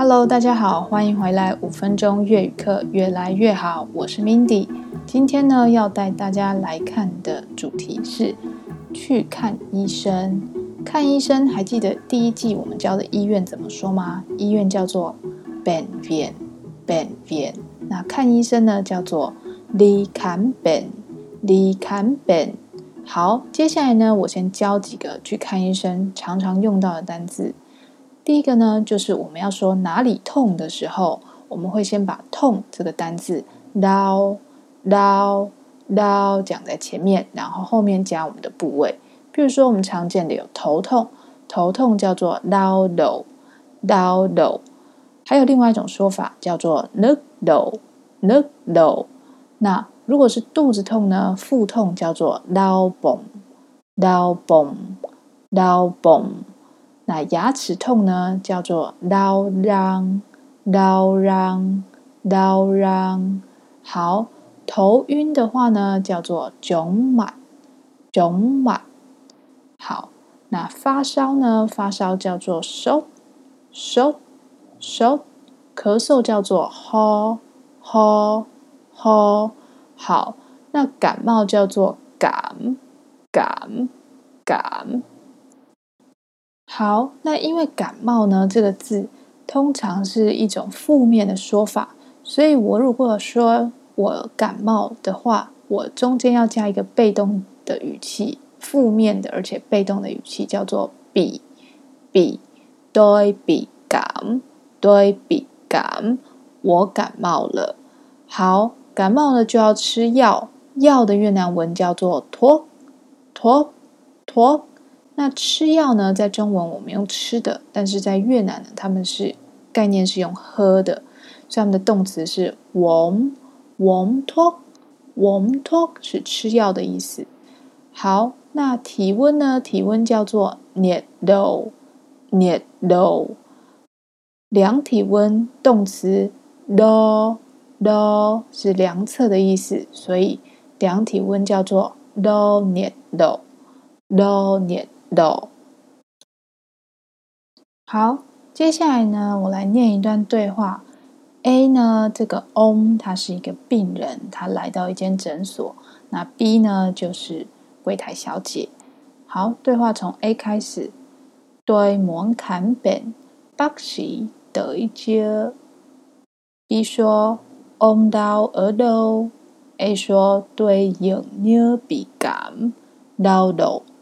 Hello，大家好，歡迎回來五分鐘越語課，越來越好。我是 Mindy，今天呢要帶大家來看的主題是去看醫生。看醫生，還記得第一季我們教的醫院怎麼說嗎？醫院叫做 bệnh viện，bệnh viện。那看醫生呢叫做 đi khám bệnh，đi khám bệnh。好，接下來呢，我先教幾個去看醫生常常用到的單字。第一個呢，就是我們要說哪裡痛的時候，我們會先把“痛”這個單字 “đau, đau, đau 講在前面，然後後面加我們的部位。比如說，我們常見的有頭痛，頭痛叫做 “đau đầu, đau đầu 還有另外一種說法叫做 “nhức đầu, nhức đầu 那如果是肚子痛呢，腹痛叫做 “đau bụng, đau bụng, đau bụng 那牙齒痛呢，叫做撓嚷，撓嚷，撓嚷。好，頭暈的話呢，叫做囧滿，囧滿。好，那發燒呢，發燒叫做收，收，收。咳嗽叫做吼，吼，吼。好，那感冒叫做感，感，感。好，那因為感冒呢，這個字通常是一種負面的說法，所以我如果說我感冒的話，我中間要加一個被動的語氣，負面的而且被動的語氣叫做比比，對比感，對比感，我感冒了。好，感冒了就要吃藥，藥的越南文叫做駝、駝、駝。那吃藥呢？在中文我們用吃的，但是在越南呢，他們是概念是用喝的，所以他們的動詞是 uống，uống thuốc，uống thuốc 是吃藥的意思。好，那體溫呢？體溫叫做 nhiệt độ，nhiệt độ。量體溫動詞 đo，đo 是量測的意思，所以量體溫叫做 đo nhiệt độ，đo nhiệt độ。好，接下來呢，我來念一段對話。A 呢，這個 ông 他是一個病人，他來到一間診所，那 B 呢，就是櫃臺小姐。好，對話從 A 開始。Tôi muốn khám bệnh, bác sĩ tới chưa。B 說，Ông đau ở đâu。A 說，Tôi dường như bị cảm, đau đầu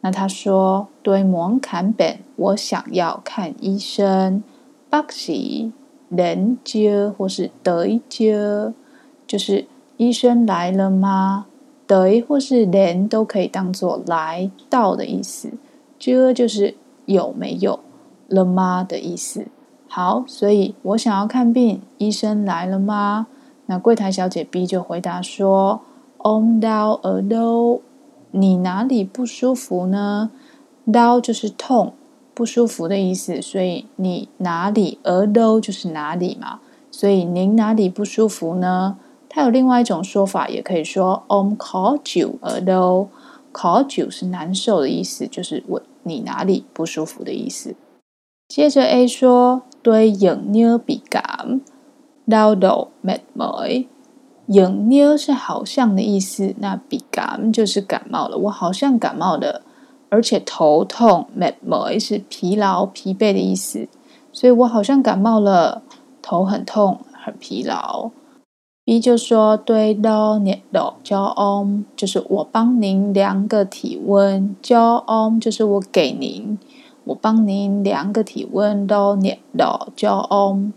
那他說：“Tôi muốn khám bệnh，我想要看醫生。bác sĩ，人接或是得接就是醫生來了嗎？得或是人，都可以當做來到的意思。就就是有沒有了嗎的意思。好，所以我想要看病。醫生來了嗎？那櫃檯小姐 B 就回答說：Ông đau ở đâu。哦”嗯到你哪裡不舒服呢？đau 就是痛，不舒服的意思。所以你哪裡？ở đâu 就是哪裡嘛。所以您哪裡不舒服呢？它有另外一種說法，也可以說 "Ông khó chịu ở đâu"。khó chịu 是難受的意思，就是我你哪裡不舒服的意思。接着 A 說：對，dường như bị cảm, đau đầu, mệt mỏi y 妞是好像的意思，那比 i 就是感冒了。我好像感冒了，而且頭痛。“madmo” 是疲勞、疲憊的意思，所以我好像感冒了，頭很痛，很疲勞。B 就說：“對嘍，你嘍，叫 Om，就是我幫您量個體溫。叫 Om 就是我給您，我幫您量個體溫。對嘍，叫 Om。”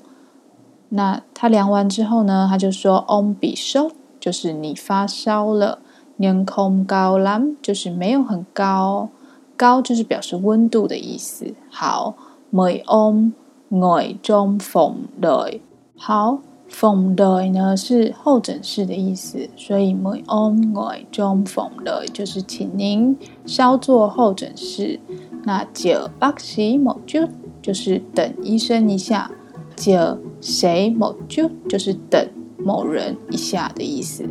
那他量完之後呢他就說 Ông bị sốt 就是你發燒了 nhưng không cao lắm 就是沒有很高高就是表示溫度的意思好 Mời ông ngồi trong phòng đợi 好 phòng đợi 呢是候診室的意思所以 Mời ông ngồi trong phòng đợi 就是請您稍坐候診室那 chờ bác sĩ một chút 就是等醫生一下九誰某就就是等某人一下的意思。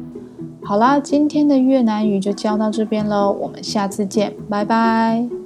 好啦，今天的越南語就教到這邊嘍，我們下次見，拜拜。